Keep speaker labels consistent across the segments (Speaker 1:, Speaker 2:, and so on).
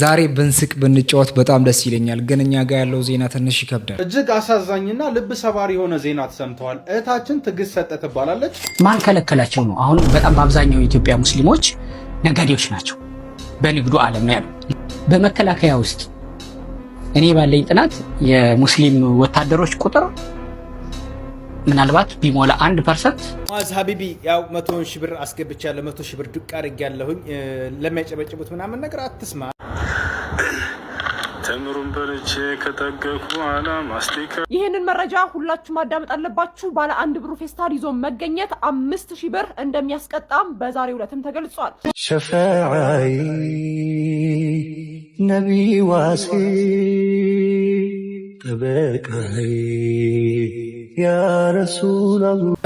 Speaker 1: ዛሬ ብንስቅ ብንጫወት በጣም ደስ ይለኛል፣ ግን እኛ ጋር ያለው ዜና ትንሽ ይከብዳል።
Speaker 2: እጅግ አሳዛኝና ልብ ሰባሪ የሆነ ዜና ተሰምተዋል። እህታችን ትዕግስት ሰጠ ትባላለች።
Speaker 3: ማን ከለከላቸው ነው? አሁን በጣም በአብዛኛው የኢትዮጵያ ሙስሊሞች ነጋዴዎች ናቸው። በንግዱ ዓለም ነው ያሉ። በመከላከያ ውስጥ እኔ ባለኝ ጥናት የሙስሊም ወታደሮች ቁጥር ምናልባት ቢሞላ አንድ ፐርሰንት
Speaker 4: ሙአዝ ሀቢቢ ያው መቶ ሺህ ብር አስገብቻለሁ፣ መቶ ሺህ ብር ዱቅ አድርጌያለሁኝ ለሚያጨበጭቡት ምናምን ነገር አትስማ ተምሩን
Speaker 5: በልቼ ከጠገኩ ኋላ ማስቲካ። ይህንን መረጃ ሁላችሁ ማዳመጥ አለባችሁ። ባለ አንድ ብሩ ፌስታል ይዞ መገኘት አምስት ሺህ ብር እንደሚያስቀጣም በዛሬው ዕለትም ተገልጿል። ሸፈዓይ ነቢ ዋሴ
Speaker 1: ጠበቃይ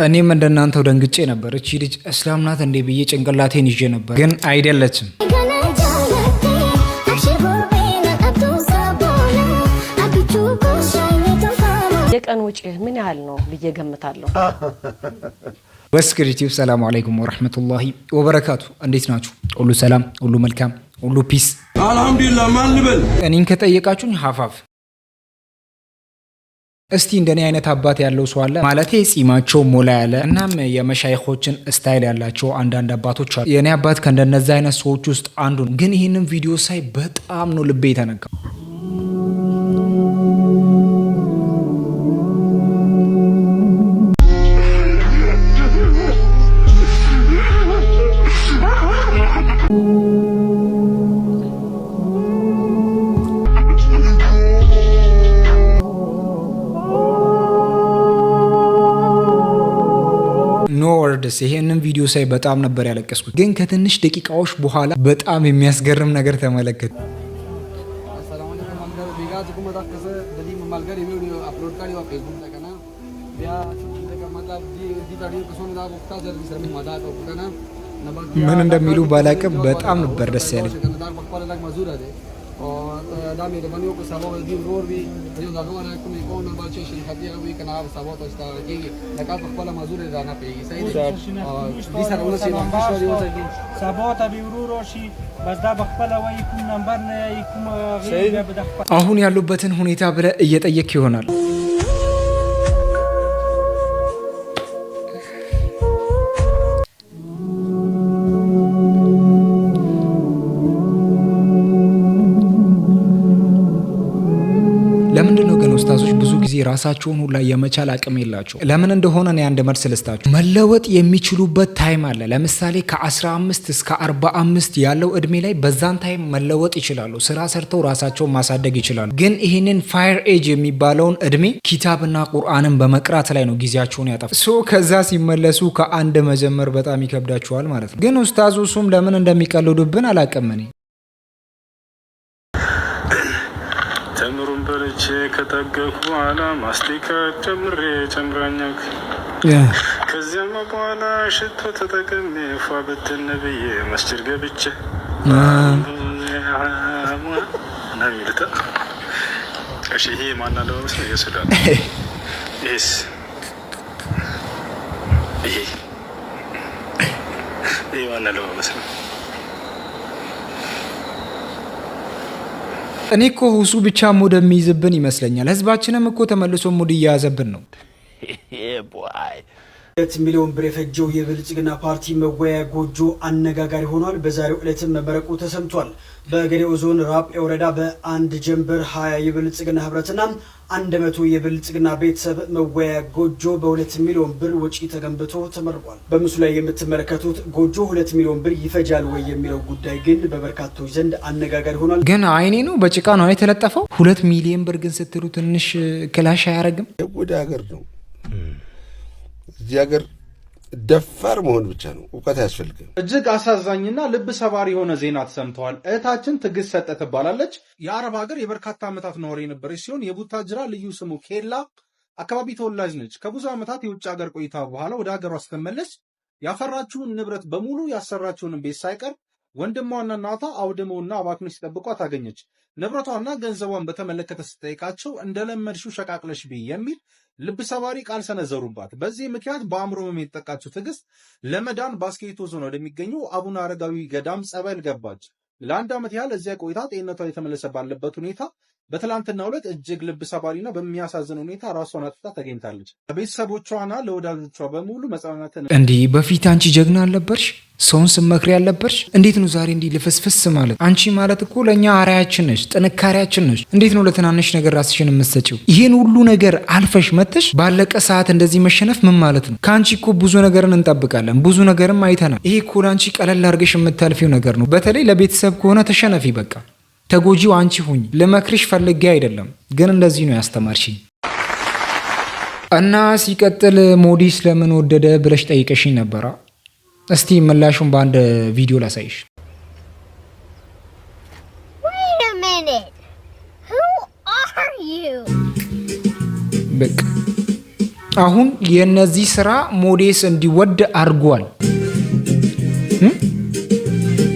Speaker 1: እኔም እንደናንተው ደንግጬ ነበር። እቺ ልጅ እስላም ናት እንዴ ብዬ ጭንቅላቴን ይዤ ነበር፣ ግን አይደለችም።
Speaker 3: ቀን ውጪ ምን ያህል ነው ብዬ ገምታለሁ።
Speaker 1: ወስክር ዩቲዩብ ሰላሙ አለይኩም ወረህመቱላሂ ወበረካቱ። እንዴት ናችሁ? ሁሉ ሰላም፣ ሁሉ መልካም፣ ሁሉ ፒስ። አልሐምዱሊላህ። ማን ልበል? እኔን ከጠየቃችሁኝ ሀፋፍ። እስቲ እንደኔ አይነት አባት ያለው ሰው አለ ማለቴ ጺማቸው ሞላ ያለ እናም የመሻይኮችን ስታይል ያላቸው አንዳንድ አባቶች አሉ። የእኔ አባት ከእንደነዚ አይነት ሰዎች ውስጥ አንዱ ነው። ግን ይህንን ቪዲዮ ሳይ በጣም ነው ልቤ የተነካ ደስ ይሄንን ቪዲዮ ሳይ በጣም ነበር ያለቀስኩት። ግን ከትንሽ ደቂቃዎች በኋላ በጣም የሚያስገርም ነገር ተመለከት ምን እንደሚሉ ባላቅም በጣም ነበር ደስ ያለኝ።
Speaker 6: اور دا مهرباني وکړه سبا د دین نور وي یو دا کومه کومه کومه نمبر چې شرکتي وي کنا سبا ته ستا کېږي دا کا په خپل مزور را نه پیږي
Speaker 7: صحیح دی او دې سره ونه شي سبا ته به ورور شي بس دا بخپل وای کوم نمبر نه کوم غیر
Speaker 1: به د خپل አሁን ያሉበትን ሁኔታ ብለ እየጠየቅ ይሆናል ራሳቸውን ሁላ የመቻል አቅም የላችሁ። ለምን እንደሆነ እኔ አንድ መልስ ልስታችሁ። መለወጥ የሚችሉበት ታይም አለ። ለምሳሌ ከ15 እስከ 45 ያለው እድሜ ላይ በዛን ታይም መለወጥ ይችላሉ። ስራ ሰርተው ራሳቸውን ማሳደግ ይችላሉ። ግን ይህንን ፋየር ኤጅ የሚባለውን እድሜ ኪታብና ቁርአንን በመቅራት ላይ ነው ጊዜያቸውን ያጠፉ። ሶ ከዛ ሲመለሱ ከአንድ መጀመር በጣም ይከብዳችኋል ማለት ነው። ግን ኡስታዙ እሱም ለምን እንደሚቀልዱብን አላቅም እኔ ጠጥቼ ከጠገኩ በኋላ ማስቲካ ጨምሬ ጨምራኛክ ከዚያም በኋላ ሽቶ ተጠቅሜ ፏ ብትን ብዬ መስጅድ ገብቼ ነው የሚሉት። እሺ ይሄ ማና ለመምስ ነው የሱዳን ይሄስ ይሄ ይሄ ማና ለመምስ ነው እኔ እኮ ሁሱ ብቻ ሙድ የሚይዝብን ይመስለኛል። ህዝባችንም እኮ ተመልሶ ሙድ እየያዘብን ነው።
Speaker 8: ሁለት ሚሊዮን ብር የፈጀው የብልጽግና ፓርቲ መወያያ ጎጆ አነጋጋሪ ሆኗል። በዛሬው ዕለትም መመረቁ ተሰምቷል። በገዴኦ ዞን ራጴ ወረዳ በአንድ ጀንበር ሀያ የብልጽግና ህብረትና አንድ መቶ የብልጽግና ቤተሰብ መወያያ ጎጆ በሁለት ሚሊዮን ብር ወጪ ተገንብቶ ተመርቋል። በምስሉ ላይ የምትመለከቱት ጎጆ ሁለት ሚሊዮን ብር ይፈጃል ወይ የሚለው ጉዳይ ግን በበርካቶች ዘንድ አነጋጋሪ ሆኗል።
Speaker 1: ግን አይኔ ነው በጭቃ ነው የተለጠፈው። ሁለት ሚሊዮን ብር ግን ስትሉ ትንሽ ክላሽ አያደርግም?
Speaker 9: ወደ ሀገር ነው እዚህ ሀገር ደፋር መሆን ብቻ ነው፣ እውቀት አያስፈልግም።
Speaker 2: እጅግ አሳዛኝና ልብ ሰባሪ የሆነ ዜና ተሰምተዋል። እህታችን ትዕግስት ሰጠ ትባላለች። የአረብ ሀገር የበርካታ ዓመታት ነዋሪ የነበረች ሲሆን የቡታጅራ ልዩ ስሙ ኬላ አካባቢ ተወላጅ ነች። ከብዙ ዓመታት የውጭ ሀገር ቆይታ በኋላ ወደ ሀገሯ ስትመለስ ያፈራችውን ንብረት በሙሉ ያሰራችውንም ቤት ሳይቀር ወንድሟና እናቷ አውድመውና አባክኖ ሲጠብቋ ታገኘች። ንብረቷና ገንዘቧን በተመለከተ ስጠይቃቸው እንደለመድሽው ሸቃቅለሽ ብይ የሚል ልብ ሰባሪ ቃል ሰነዘሩባት። በዚህ ምክንያት በአእምሮ የሚጠቃችው ትዕግስት ለመዳን ባስኬቶ ዞን ወደሚገኘው አቡነ አረጋዊ ገዳም ጸበል ገባች። ለአንድ ዓመት ያህል እዚያ ቆይታ ጤንነቷ የተመለሰ ባለበት ሁኔታ በትላንትናው ዕለት እጅግ ልብ ሰባሪና በሚያሳዝን ሁኔታ ራሷን አጥፍታ ተገኝታለች። ለቤተሰቦቿና ለወዳጆቿ በሙሉ መጽናናትን
Speaker 1: እንዲህ በፊት አንቺ ጀግና አልነበርሽ፣ ሰውን ስመክሪ ያልነበርሽ፣ እንዴት ነው ዛሬ እንዲህ ልፍስፍስ ማለት? አንቺ ማለት እኮ ለእኛ አርያችን ነሽ፣ ጥንካሬያችን ነሽ። እንዴት ነው ለትናንሽ ነገር ራስሽን የምትሰጪው? ይህን ሁሉ ነገር አልፈሽ መጥተሽ ባለቀ ሰዓት እንደዚህ መሸነፍ ምን ማለት ነው? ከአንቺ እኮ ብዙ ነገርን እንጠብቃለን፣ ብዙ ነገርም አይተናል። ይሄ እኮ ለአንቺ ቀለል አድርገሽ የምታልፊው ነገር ነው። በተለይ ለቤተሰብ ከሆነ ተሸነፊ በቃ ተጎጂው አንቺ ሁኝ። ልመክርሽ ፈልጌ አይደለም፣ ግን እንደዚህ ነው ያስተማርሽኝ። እና ሲቀጥል ሞዲስ ለምን ወደደ ብለሽ ጠይቀሽኝ ነበራ። እስቲ ምላሹን በአንድ ቪዲዮ ላሳይሽ። በቃ አሁን የእነዚህ ስራ ሞዴስ እንዲወድ አድርጓል።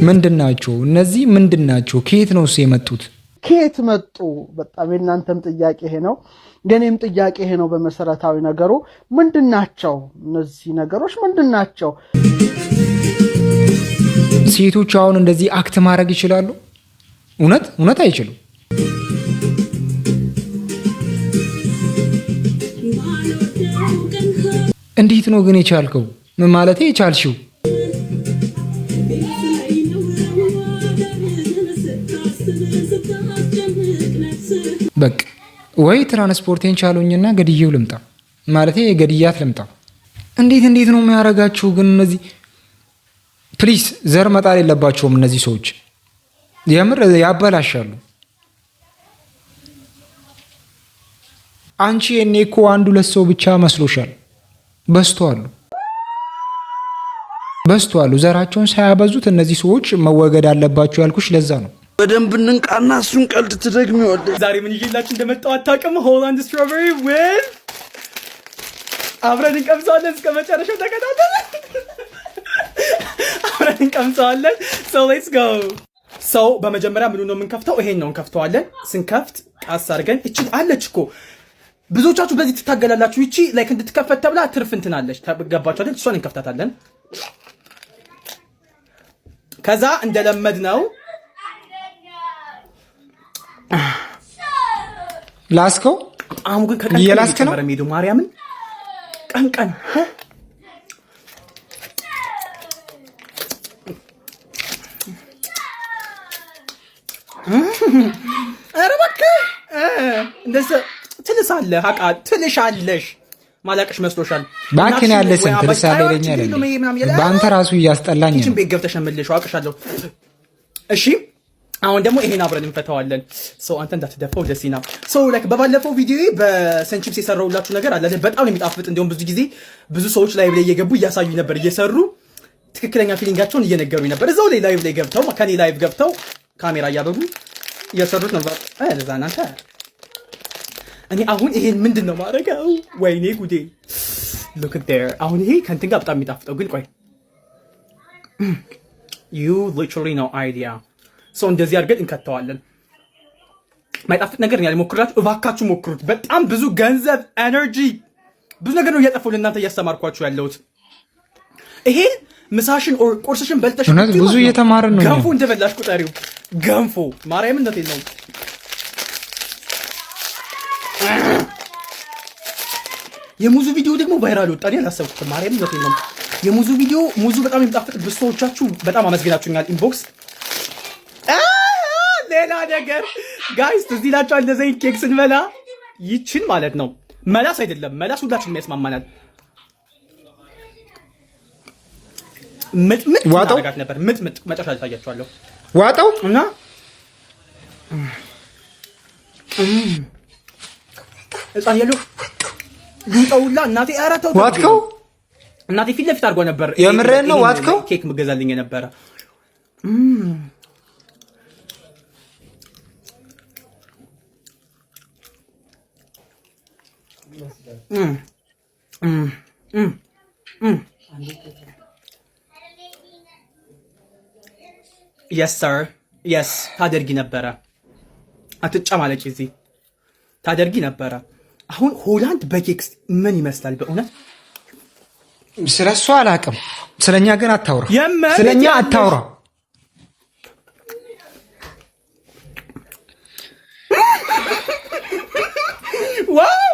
Speaker 1: ምንድን ናቸው እነዚህ? ምንድን ናቸው? ከየት ነው የመጡት?
Speaker 10: ከየት መጡ? በጣም የእናንተም ጥያቄ ይሄ ነው፣ የኔም ጥያቄ ይሄ ነው። በመሰረታዊ ነገሩ ምንድን ናቸው እነዚህ ነገሮች? ምንድን ናቸው?
Speaker 1: ሴቶች አሁን እንደዚህ አክት ማድረግ ይችላሉ? እውነት እውነት አይችሉም። እንዴት ነው ግን የቻልከው? ምን ማለት የቻልሽው በቃ ወይ ትራንስፖርቴን ቻሉኝና ገድዬው ልምጣ ማለት የገድያት ልምጣ። እንዴት እንዴት ነው የሚያደርጋችሁ ግን እነዚህ ፕሊስ ዘር መጣል የለባቸውም እነዚህ ሰዎች የምር ያበላሻሉ። አንቺ የኔ እኮ አንዱ ሁለት ሰው ብቻ መስሎሻል። በዝተዋሉ አሉ ዘራቸውን ሳያበዙት እነዚህ ሰዎች መወገድ አለባቸው ያልኩሽ ለዛ ነው።
Speaker 11: በደንብ እንንቃና እሱን ቀልድ ትደግሚ ወደ ዛሬ ምን ይዤላችሁ እንደመጣሁ አታውቅም። ሆላንድ ስትሮበሪ ዌል አብረን እንቀምሰዋለን። እስከ መጨረሻው ተከታተለ። አብረን እንቀምሰዋለን። ሰው ሌትስ ጎ ሰው በመጀመሪያ ምኑ ነው የምንከፍተው? ይሄን ነው እንከፍተዋለን። ስንከፍት ቃስ አድርገን እቺ አለች እኮ ብዙዎቻችሁ በዚህ ትታገላላችሁ። ይቺ ላይክ እንድትከፈት ተብላ ትርፍ እንትናለች ገባችሁ አይደል? እሷን እንከፍታታለን። ከዛ እንደለመድ ነው ላስከው አምጉ
Speaker 1: ከቀየላስከ ነው
Speaker 11: ረሜዶ ማርያምን ቀን ቀን ኧረ እባክህ እንደዚያ ትልሳለህ። አቃ አለሽ ማላቀሽ መስሎሻል።
Speaker 1: ባክን ያለ ስም ትልሳለህ ይለኛል። በአንተ ራሱ እያስጠላኝ
Speaker 11: ነው። ቤት ገብተሽ ነው አውቅሻለሁ። እሺ አሁን ደግሞ ይሄን አብረን እንፈታዋለን። ሰው አንተ እንዳትደፋው ደሲና ሰው ላይክ በባለፈው ቪዲዮ በሰንቺፕስ የሰራውላችሁ ነገር አለ በጣም የሚጣፍጥ እንዲሁም ብዙ ጊዜ ብዙ ሰዎች ላይቭ ላይ እየገቡ እያሳዩ ነበር እየሰሩ ትክክለኛ ፊሊንጋቸውን እየነገሩ ነበር። እዛው ላይ ላይቭ ላይ ገብተው ከኔ ላይቭ ገብተው ካሜራ እያበሩ እየሰሩት ነበር። እዛ እናንተ እኔ አሁን ይሄን ምንድን ነው ማድረገው? ወይኔ ጉዴ! ሉክ ዴር አሁን ይሄ ከእንትን ጋር በጣም የሚጣፍጠው ግን ቆይ ዩ ሊትራሊ ነው አይዲያ ሰው እንደዚህ አድርገን እንከተዋለን። ማይጣፍጥ ነገር ያለ ሞክራችሁ፣ እባካችሁ ሞክሩት። በጣም ብዙ ገንዘብ፣ ኤነርጂ፣ ብዙ ነገር ነው እያጠፋሁ ለእናንተ እያስተማርኳችሁ ያለሁት ይሄ ምሳሽን ኦር ቁርስሽን በልተሽ
Speaker 1: ብዙ እየተማርን ነው።
Speaker 11: ገንፎ እንደበላሽ ቁጠሪው። ገንፎ ማርያም እንደት ነው የሙዙ ቪዲዮ ደግሞ ቫይራል ወጣ። አላሰብኩትም። ማርያም እንደት ነው የሙዙ ቪዲዮ። ሙዙ በጣም የሚጣፍጥ ብሶዎቻችሁ በጣም አመስግናችሁኛል ኢንቦክስ ሌላ ነገር ጋይስ ትዝ ይላችኋል? እንደዚህ ኬክ ስንበላ ይችን ማለት ነው። መላስ አይደለም መላስ ሁላችን የሚያስማማናል። ምጥምጥ ታደርጋት ነበር። ምጥምጥ መጨረሻ ታያችኋለሁ። ዋጣው እና ህፃን ያለው ዱጠውላ እናቴ ኧረ ተው ዋጥከው እናቴ ፊት ለፊት አድርጎ ነበር።
Speaker 1: የምሬን ነው ዋጥከው
Speaker 11: ኬክ ምገዛልኝ የነበረ የስ ሰር የስ ታደርጊ ነበረ። አትጨማለቂ እዚህ ታደርጊ ነበረ። አሁን ሆላንድ በኬክስ ምን ይመስላል? በእውነት
Speaker 1: ስለ እሱ አላውቅም። ስለኛ ግን አታውራ፣ ስለኛ አታውራ።
Speaker 11: ዋው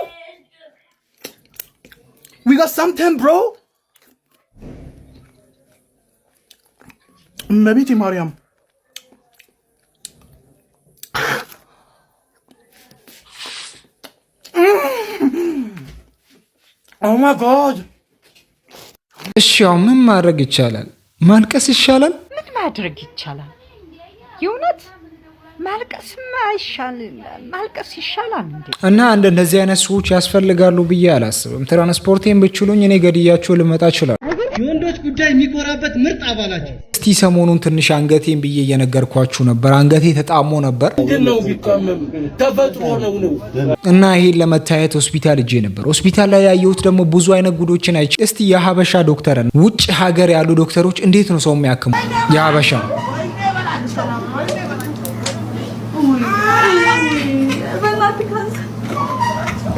Speaker 11: we got something bro እመቤቴ ማርያም ኦማጋድ
Speaker 1: እሺው ምን ማድረግ ይቻላል? ማልቀስ ይሻላል?
Speaker 12: ምን ማድረግ ይቻላል? የእውነት ማልቀስ ማልቀስ ይሻላል እንዴ?
Speaker 1: እና እንደ እንደዚህ አይነት ሰዎች ያስፈልጋሉ ብዬ አላስብም። ትራንስፖርቴን ብችሉኝ እኔ ገድያቸው ልመጣ ችላል።
Speaker 13: የወንዶች ጉዳይ የሚቆራበት ምርጥ አባላቸው።
Speaker 1: እስቲ ሰሞኑን ትንሽ አንገቴን ብዬ እየነገርኳችሁ ነበር። አንገቴ ተጣሞ ነበር እና ይሄን ለመታየት ሆስፒታል እጄ ነበር። ሆስፒታል ላይ ያየሁት ደግሞ ብዙ አይነት ጉዶችን አይቼ እስቲ የሀበሻ ዶክተርን ውጭ ሀገር ያሉ ዶክተሮች እንዴት ነው ሰው የሚያክሙ የሀበሻ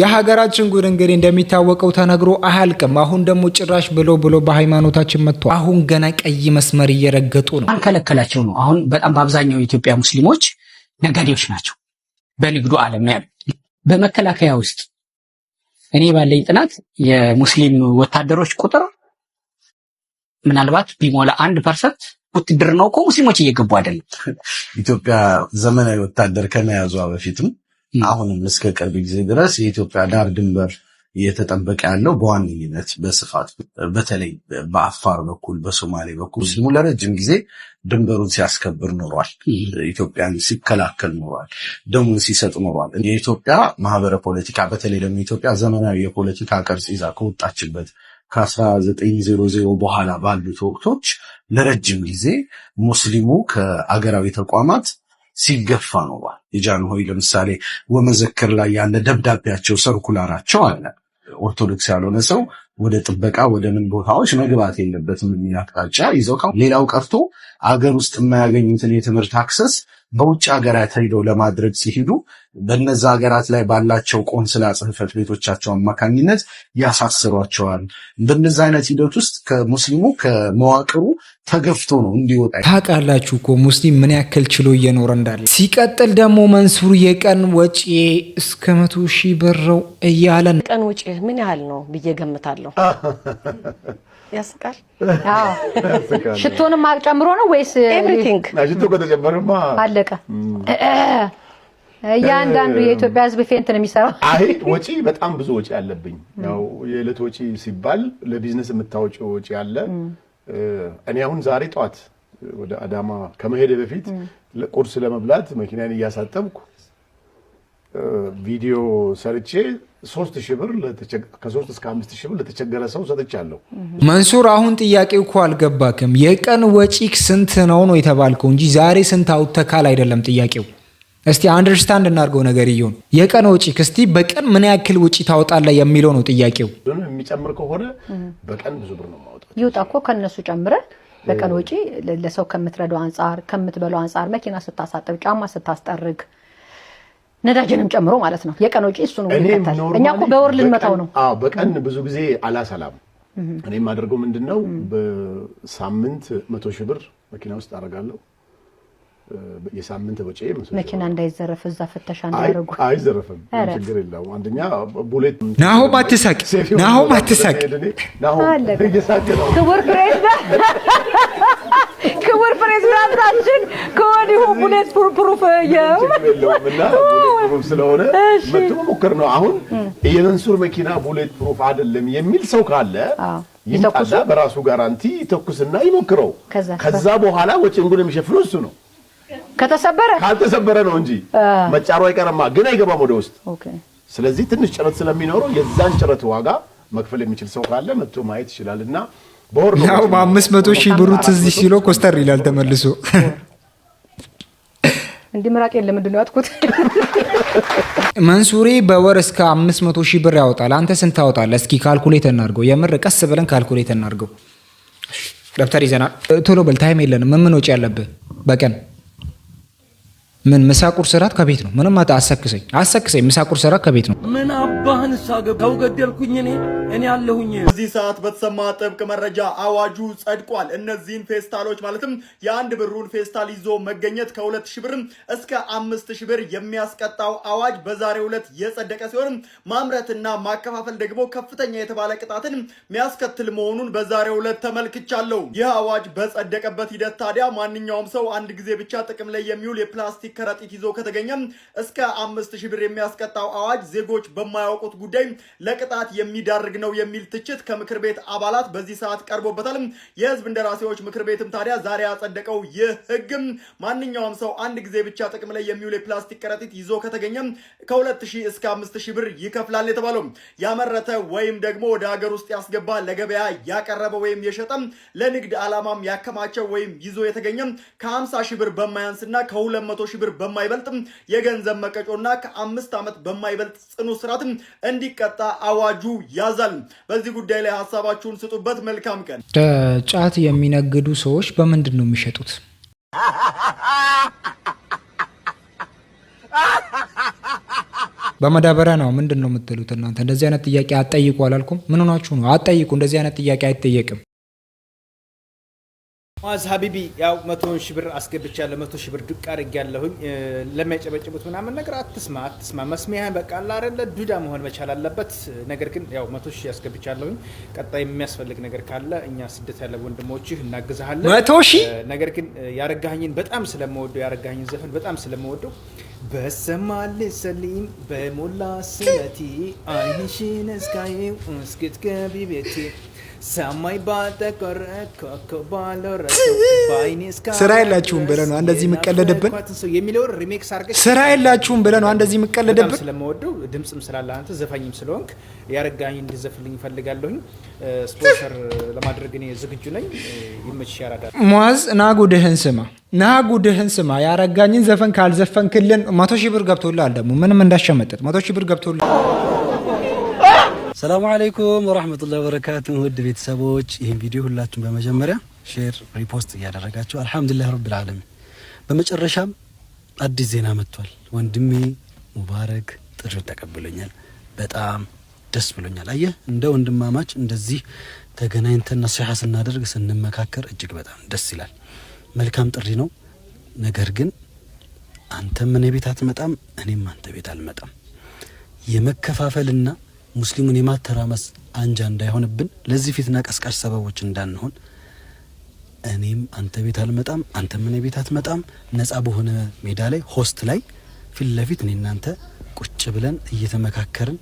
Speaker 1: የሀገራችን ጉድ እንግዲህ እንደሚታወቀው ተነግሮ አያልቅም። አሁን ደግሞ ጭራሽ ብሎ ብሎ በሃይማኖታችን መጥቷል። አሁን ገና ቀይ መስመር እየረገጡ
Speaker 3: ነው። አንከለከላቸው ነው። አሁን በጣም በአብዛኛው የኢትዮጵያ ሙስሊሞች ነጋዴዎች ናቸው። በንግዱ ዓለም ነው ያሉት። በመከላከያ ውስጥ እኔ ባለኝ ጥናት የሙስሊም ወታደሮች ቁጥር ምናልባት ቢሞላ አንድ ፐርሰንት ውትድርና እኮ ሙስሊሞች እየገቡ አይደለም።
Speaker 9: ኢትዮጵያ ዘመናዊ ወታደር ከመያዟ በፊትም አሁንም እስከ ቅርብ ጊዜ ድረስ የኢትዮጵያ ዳር ድንበር እየተጠበቀ ያለው በዋነኝነት በስፋት በተለይ በአፋር በኩል በሶማሌ በኩል ሙስሊሙ ለረጅም ጊዜ ድንበሩን ሲያስከብር ኖሯል። ኢትዮጵያን ሲከላከል ኖሯል። ደሙን ሲሰጥ ኖሯል። የኢትዮጵያ ማህበረ ፖለቲካ በተለይ ደግሞ ኢትዮጵያ ዘመናዊ የፖለቲካ ቅርጽ ይዛ ከወጣችበት ከ1900 በኋላ ባሉት ወቅቶች ለረጅም ጊዜ ሙስሊሙ ከአገራዊ ተቋማት ሲገፋ ኖሯል። የጃንሆይ ለምሳሌ ወመዘክር ላይ ያለ ደብዳቤያቸው ሰርኩላራቸው አለ። ኦርቶዶክስ ያልሆነ ሰው ወደ ጥበቃ ወደ ምን ቦታዎች መግባት የለበትም የሚል አቅጣጫ ይዘው ሌላው ቀርቶ አገር ውስጥ የማያገኙትን የትምህርት አክሰስ በውጭ ሀገራት ሄደው ለማድረግ ሲሄዱ በነዛ ሀገራት ላይ ባላቸው ቆንስላ ጽህፈት ቤቶቻቸው አማካኝነት ያሳስሯቸዋል። በነዚ አይነት ሂደት ውስጥ ከሙስሊሙ ከመዋቅሩ ተገፍቶ ነው እንዲወጣ።
Speaker 1: ታውቃላችሁ እኮ ሙስሊም ምን ያክል ችሎ እየኖረ እንዳለ። ሲቀጥል ደግሞ መንሱር የቀን ወጪ እስከ መቶ ሺህ ብር እያለ
Speaker 3: ቀን ወጪ ምን ያህል ነው ብዬ ገምታለሁ። ያስቃል።
Speaker 14: ሽቶንም ጨምሮ ነው ወይስ
Speaker 15: ኤቭሪቲንግ?
Speaker 9: ሽቶ ከተጨመረማ
Speaker 14: አለቀ። እያንዳንዱ የኢትዮጵያ ሕዝብ ፌንት ነው የሚሰራው።
Speaker 9: አይ ወጪ በጣም ብዙ ወጪ አለብኝ። ያው የዕለት ወጪ ሲባል ለቢዝነስ የምታወጪው ወጪ አለ። እኔ አሁን ዛሬ ጠዋት ወደ አዳማ ከመሄደ በፊት ቁርስ ለመብላት መኪናን እያሳጠብኩ ቪዲዮ ሰርቼ ሶስት ሺህ ብር ከሶስት እስከ አምስት ሺህ ብር ለተቸገረ ሰው ሰጥቻለሁ።
Speaker 1: መንሱር አሁን ጥያቄው እኮ አልገባክም። የቀን ወጪክ ስንት ነው ነው የተባልከው እንጂ ዛሬ ስንት አውጥተካል አይደለም ጥያቄው። እስቲ አንደርስታንድ እናድርገው ነገር እየሆን የቀን ወጪህ እስቲ በቀን ምን ያክል ውጪ ታወጣለህ የሚለው ነው ጥያቄው።
Speaker 9: የሚጨምር ከሆነ በቀን ብዙ ብር ነው የማወጣው።
Speaker 14: ይውጣ እኮ ከእነሱ ጨምረህ በቀን ወጪ ለሰው ከምትረዳው አንጻር ከምትበለው አንጻር መኪና ስታሳጥብ፣ ጫማ ስታስጠርግ ነዳጅንም ጨምሮ ማለት ነው። የቀን ወጪ እሱ ነው። እኛ እኮ በወር ልንመታው ነው።
Speaker 9: አዎ በቀን ብዙ ጊዜ አላሰላም። እኔ የማደርገው ምንድን ነው፣ በሳምንት መቶ ሺህ ብር መኪና ውስጥ አደርጋለሁ። የሳምንት ወጪ
Speaker 14: መኪና እንዳይዘረፍ እዛ ፍተሻ
Speaker 9: እንዳያደርጉ። አይዘረፍም፣ ችግር የለው። አንደኛ ቡሌት ናሆ
Speaker 1: ናሆ ናሆም ናሆ ናሆም አትሳቅ።
Speaker 14: ክቡር ፕሬዝዳንት ክቡር ፕሬዚዳንታችን ከወዲሁ ቡሌት ፕሩፍ
Speaker 9: የለውም ስለሆነ መቶ መሞከር ነው። አሁን የመንሱር መኪና ቡሌት ፕሩፍ አይደለም የሚል ሰው ካለ ይምጣና በራሱ ጋራንቲ ይተኩስና ይሞክረው። ከዛ በኋላ ወጪውን የሚሸፍነው እሱ ነው። ከተሰበረ ካልተሰበረ ነው እንጂ መጫሩ አይቀርማ፣ ግን አይገባም ወደ ውስጥ። ስለዚህ ትንሽ ጭረት ስለሚኖረው የዛን ጭረት ዋጋ መክፈል የሚችል ሰው ካለ መጥቶ ማየት ይችላል እና
Speaker 1: ያው በአምስት መቶ ሺህ ብሩ ትዝ ሲለው ኮስተር ይላል ተመልሶ።
Speaker 14: እንዲህ ነው ያጥኩት?
Speaker 1: መንሱሬ በወር እስከ አምስት መቶ ሺህ ብር ያወጣል። አንተ ስንት ታወጣለህ? እስኪ ካልኩሌት እናድርገው። የምር ቀስ ብለን ካልኩሌት እናድርገው። ደብተር ይዘናል። ቶሎ በል ታይም የለንም። ምን ወጪ ያለብህ በቀን ምን ምሳ ቁርስ እራት ከቤት ነው። ምንም አታ አሰክሰኝ አሰክሰኝ። ምሳ ቁርስ እራት ከቤት ነው። ምን አባህን ሳገባው
Speaker 2: ገደልኩኝ እኔ እኔ አለሁኝ። በዚህ ሰዓት በተሰማ ጥብቅ መረጃ አዋጁ ጸድቋል። እነዚህን ፌስታሎች ማለትም የአንድ ብሩን ፌስታል ይዞ መገኘት ከሁለት ሺህ ብርም እስከ አምስት ሺህ ብር የሚያስቀጣው አዋጅ በዛሬው ዕለት የጸደቀ ሲሆን ማምረትና ማከፋፈል ደግሞ ከፍተኛ የተባለ ቅጣትን የሚያስከትል መሆኑን በዛሬው ዕለት ተመልክቻለሁ። ይህ አዋጅ በጸደቀበት ሂደት ታዲያ ማንኛውም ሰው አንድ ጊዜ ብቻ ጥቅም ላይ የሚውል የፕላስቲክ የፕላስቲክ ከረጢት ይዞ ከተገኘ እስከ አምስት ሺህ ብር የሚያስቀጣው አዋጅ ዜጎች በማያውቁት ጉዳይ ለቅጣት የሚዳርግ ነው የሚል ትችት ከምክር ቤት አባላት በዚህ ሰዓት ቀርቦበታል። የህዝብ እንደራሴዎች ምክር ቤትም ታዲያ ዛሬ ያጸደቀው ይህ ህግም ማንኛውም ሰው አንድ ጊዜ ብቻ ጥቅም ላይ የሚውል የፕላስቲክ ከረጢት ይዞ ከተገኘ ከሁለት ሺህ እስከ አምስት ሺህ ብር ይከፍላል የተባለው ያመረተ ወይም ደግሞ ወደ ሀገር ውስጥ ያስገባ ለገበያ ያቀረበ ወይም የሸጠ ለንግድ ዓላማም ያከማቸው ወይም ይዞ የተገኘ ከ50 ሺህ ብር በማያንስና ከ200 ሺህ ብር በማይበልጥ የገንዘብ መቀጮና ከአምስት ዓመት በማይበልጥ ጽኑ ስርዓት እንዲቀጣ አዋጁ ያዛል። በዚህ ጉዳይ ላይ ሀሳባችሁን ስጡበት። መልካም ቀን።
Speaker 1: ጫት የሚነግዱ ሰዎች በምንድን ነው የሚሸጡት? በመዳበሪያ ነው። ምንድን ነው የምትሉት እናንተ? እንደዚህ አይነት ጥያቄ አጠይቁ አላልኩም? ምን ሆናችሁ ነው? አጠይቁ። እንደዚህ አይነት ጥያቄ አይጠየቅም።
Speaker 4: ሙአዝ ሀቢቢ ያው መቶን ሺህ ብር አስገብቻለሁ፣ መቶ ሺህ ብር ዱቅ አድርጌያለሁኝ። ለሚያጨበጭቡት ምናምን ነገር አትስማ አትስማ። መስሚያህን በቃ ላረለ ዱዳ መሆን መቻል አለበት። ነገር ግን ያው መቶ ሺህ አስገብቻለሁኝ። ቀጣይ የሚያስፈልግ ነገር ካለ እኛ ስደት ያለ ወንድሞችህ እናግዝሃለን። መቶ ሺህ ነገር ግን ያረጋኝን በጣም ስለመወደው ያረጋኝን ዘፈን በጣም ስለመወደው በሰማል ሰሊም በሞላ ስለቲ አይንሽን እስካየው
Speaker 1: እስክትገቢ ቤቴ ስራ የላችሁም ብለህ ነው እንደዚህ የምቀለደብን? ስራ የላችሁም ብለህ ነው እንደዚህ የምቀለደብን?
Speaker 4: ስለምወደው ድምፅም ስላለ አንተ ዘፋኝም ስለሆንክ ያረጋኝ እንድዘፍልኝ እፈልጋለሁኝ። ስፖንሰር ለማድረግ እኔ ዝግጁ ነኝ። ይመችሽ። ያራዳል
Speaker 1: ሟዝ ና ስማ፣ ና ስማ። ያረጋኝን ዘፈን ካልዘፈንክልን መቶ ሺህ ብር ገብቶልሃል። ደግሞ ምንም እንዳሸመጠጥ መቶ ሺህ ብር ገብቶልሃል። ሰላሙ አለይኩም ወራህመቱላሂ ወበረካቱ ውድ ቤተሰቦች ይህን ቪዲዮ ሁላችሁም በመጀመሪያ ሼር፣ ሪፖስት እያደረጋችሁ አልሐምዱሊላህ ረብል ዓለሚን። በመጨረሻም አዲስ ዜና መጥቷል። ወንድሜ ሙባረክ ጥሪውን ተቀብሎኛል። በጣም ደስ ብሎኛል። አየህ እንደ ወንድማማች እንደዚህ ተገናኝተን ነሲሐ ስናደርግ ስንመካከር እጅግ በጣም ደስ ይላል። መልካም ጥሪ ነው። ነገር ግን አንተም እኔ ቤት አትመጣም፣ እኔም አንተ ቤት አልመጣም። የመከፋፈልና ሙስሊሙን የማተራመስ አንጃ እንዳይሆንብን ለዚህ ፊትና ቀስቃሽ ሰበቦች እንዳንሆን እኔም አንተ ቤት አልመጣም፣ አንተ ምን ቤት አትመጣም። ነጻ በሆነ ሜዳ ላይ ሆስት ላይ ፊት ለፊት እኔ እናንተ ቁጭ ብለን እየተመካከርን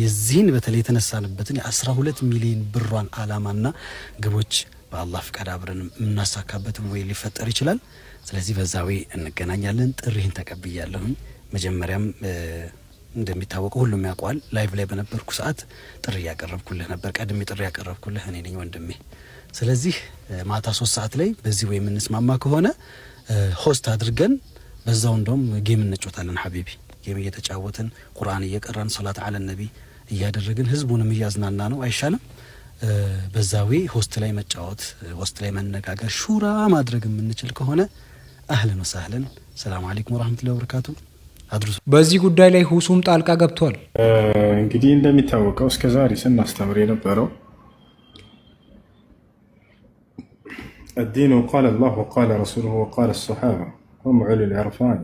Speaker 1: የዚህን በተለይ የተነሳንበትን የአስራ ሁለት ሚሊዮን ብሯን አላማና ግቦች በአላህ ፍቃድ አብረን የምናሳካበትም ወይ ሊፈጠር ይችላል። ስለዚህ በዛ ወይ እንገናኛለን። ጥሪህን ተቀብያለሁኝ መጀመሪያም እንደሚታወቀው ሁሉም ያውቀዋል። ላይቭ ላይ በነበርኩ ሰዓት ጥሪ እያቀረብኩልህ ነበር። ቀድሜ ጥሪ ያቀረብኩልህ እኔ ነኝ ወንድሜ። ስለዚህ ማታ ሶስት ሰዓት ላይ በዚህ ወይ የምንስማማ ከሆነ ሆስት አድርገን በዛው እንደውም ጌም እንጫወታለን። ሀቢቢ ጌም እየተጫወትን ቁርአን እየቀራን ሶላት አለ ነቢ እያደረግን ህዝቡንም እያዝናና ነው አይሻልም? በዛዊ ሆስት ላይ መጫወት፣ ሆስት ላይ መነጋገር፣ ሹራ ማድረግ የምንችል ከሆነ አህለን ወሳህለን። ሰላም አለይኩም ወረህመቱላሂ ወበረካቱሁ። አድርሱ። በዚህ ጉዳይ ላይ ሁሱም ጣልቃ ገብቷል።
Speaker 16: እንግዲህ እንደሚታወቀው እስከዛሬ ስናስተምር የነበረው الدين قال الله وقال رسوله وقال الصحابة هم علو العرفان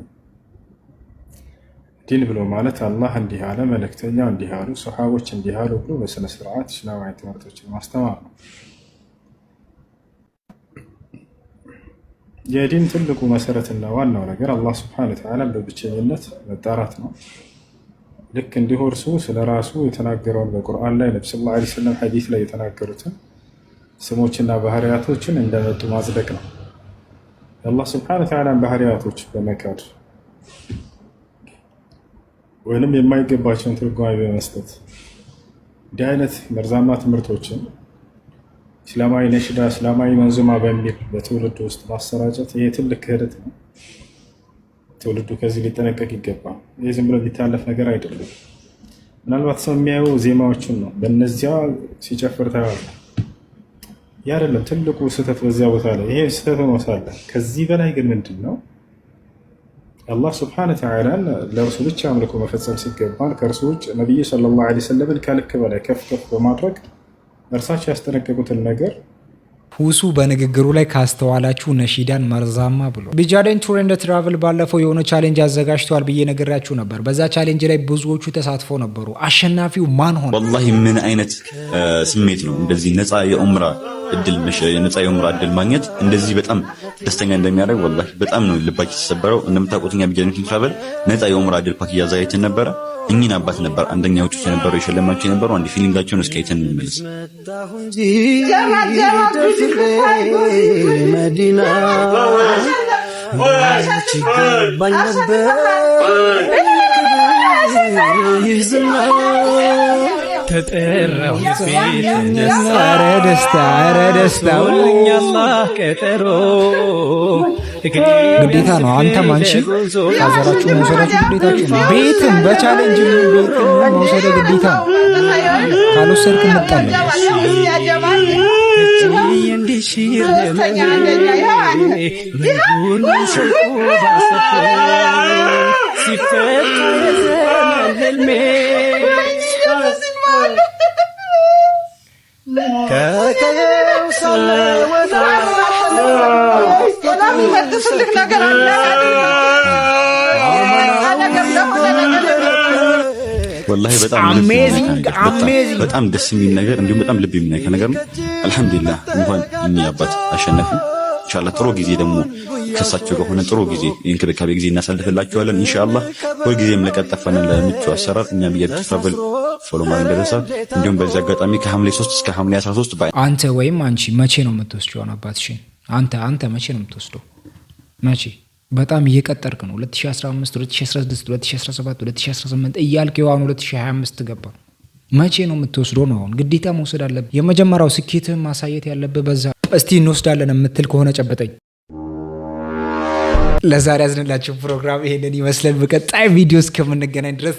Speaker 16: ዲን ብሎ ማለት አላህ እንዲህ አለ፣ መልእክተኛው እንዲህ አሉ፣ ሰሓቦች እንዲህ አሉ ብሎ በስነስርዓት እስላማዊ ትምህርቶችን ማስተማር ነው። የዲን ትልቁ መሰረትና ዋናው ነገር አላህ ስብሐነ ወተዓላ በብቸኝነት መጣራት ነው። ልክ እንዲሁ እርሱ ስለ ራሱ የተናገረውን በቁርአን ላይ ነቢ ሰለላሁ ዓለይሂ ወሰለም ሐዲስ ላይ የተናገሩትን ስሞችና ባህርያቶችን እንደመጡ ማጽደቅ ነው። የአላህ ስብሐነ ወተዓላን ባህሪያቶች በመካድ ወይንም የማይገባቸውን ትርጓሜ በመስጠት እንዲህ አይነት መርዛማ ትምህርቶችን እስላማዊ ነሽዳ፣ እስላማዊ መንዙማ በሚል በትውልዱ ውስጥ ማሰራጨት ይሄ ትልቅ ክህደት ነው። ትውልዱ ከዚህ ሊጠነቀቅ ይገባል። ይህ ዝም ብሎ የሚታለፍ ነገር አይደለም። ምናልባት ሰው የሚያዩ ዜማዎችን ነው፣ በነዚያ ሲጨፍር ታያለ። ያ አይደለም ትልቁ ስህተት በዚያ ቦታ ላይ ይሄ ስህተት ነው ሳለ፣ ከዚህ በላይ ግን ምንድን ነው? አላህ ስብሐነ ተዓላን ለእርሱ ብቻ አምልኮ መፈጸም ሲገባል ከእርሱ ውጭ ነቢዩ ሰለላሁ ዓለይሂ ወሰለምን ከልክ በላይ ከፍ ከፍ በማድረግ እርሳቸው ያስጠነቀቁትን ነገር ሁሱ በንግግሩ ላይ ካስተዋላችሁ ነሺዳን መርዛማ ብሎ ቢጃደን ቱር ኤንድ ትራቭል ባለፈው የሆነ ቻሌንጅ አዘጋጅተዋል ብዬ ነገራችሁ ነበር። በዛ ቻሌንጅ ላይ ብዙዎቹ ተሳትፎ ነበሩ። አሸናፊው ማን ሆነ?
Speaker 17: ወላሂ ምን አይነት ስሜት ነው እንደዚህ ነፃ የኡምራ እድል የነጻ የምራ እድል ማግኘት እንደዚህ በጣም ደስተኛ እንደሚያደርግ ወላሂ በጣም ነው ልባች የተሰበረው። እንደምታውቁት እኛ ቢጃኒት ትራቨል ነፃ የምራ እድል ፓኬጅ አዘጋጅተን ነበረ። እኚህን አባት ነበር አንደኛ ውጭ የነበሩ የሸለማቸው የነበሩ አንድ ፊሊንጋቸውን እስኪ አይተን እንመለስ።
Speaker 1: ይህ ዝና ተጠራው ኧረ ደስታ ኧረ ደስታ ሁልኛላ ቀጠሮ ግዴታ ነው። አንተም አንቺ ሀዘራችሁ መውሰዳችሁ ግዴታችሁ ነው። ቤትም በቻለንጅ ቤት መውሰደ ግዴታ ነው። ካልወሰድክ ህልሜ
Speaker 17: ወላሂ በጣም ደስ የሚል ነገር እንዲሁም በጣም ልብ የሚነካ ነገር ነው። አልሐምዱሊላህ እንኳን የሚያባት አሸነፉ። ኢንሻአላህ ጥሩ ጊዜ ደግሞ ከሳቸው ከሆነ ጥሩ ጊዜ እንክብካቤ ጊዜ እናሳልፍላችኋለን። ኢንሻአላህ ሁልጊዜም ለቀጠፈን ለምቹ አሰራር እኛም የትራቨል ፎሎ ማድረግ እንደረሳ። እንዲሁም በዚህ አጋጣሚ ከሐምሌ 3 እስከ ሐምሌ 13
Speaker 1: አንተ ወይም አንቺ መቼ ነው የምትወስድ ሆን አባትሽን አንተ አንተ መቼ ነው የምትወስደው? መቼ በጣም እየቀጠርክ ነው። 2015፣ 2016፣ 2017፣ 2018 እያልክ የዋን 2025 ገባ። መቼ ነው የምትወስዶ ነው? አሁን ግዴታ መውሰድ አለብህ። የመጀመሪያው ስኬትህን ማሳየት ያለብህ በዛ። እስቲ እንወስዳለን የምትል ከሆነ ጨበጠኝ። ለዛሬ ያዝንላችሁ ፕሮግራም ይሄንን ይመስለን። በቀጣይ ቪዲዮ እስከምንገናኝ ድረስ